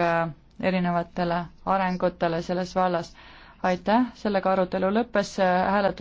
Äh, erinevatele arengutele selles vallas. aitäh, sellega arutelu lõppes, hääletus